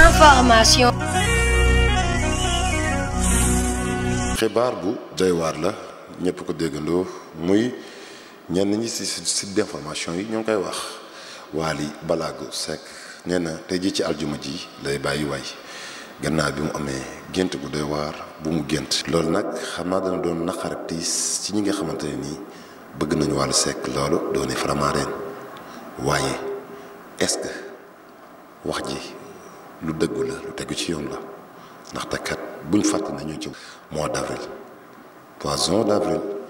information. xibaar bu doy waar la ñépp ko déggandoo muy ñenn ñi si site d'information yi ñoo ngi koy wax Waly Balago Seck nee tey jii ci aljuma ji lay bàyyi waay gannaaw bi mu amee gént gu doy waar bu mu gént. loolu nag xam naa dana doon naqar tiis ci ñi nga xamante nii bëgg nañu Waly Seck loolu doone Faramareen waaye est wax ji. lu dëggu lu tegu ci yoon la ndaxte kat buñ fàtte nañu ci mois d' avril poisson d'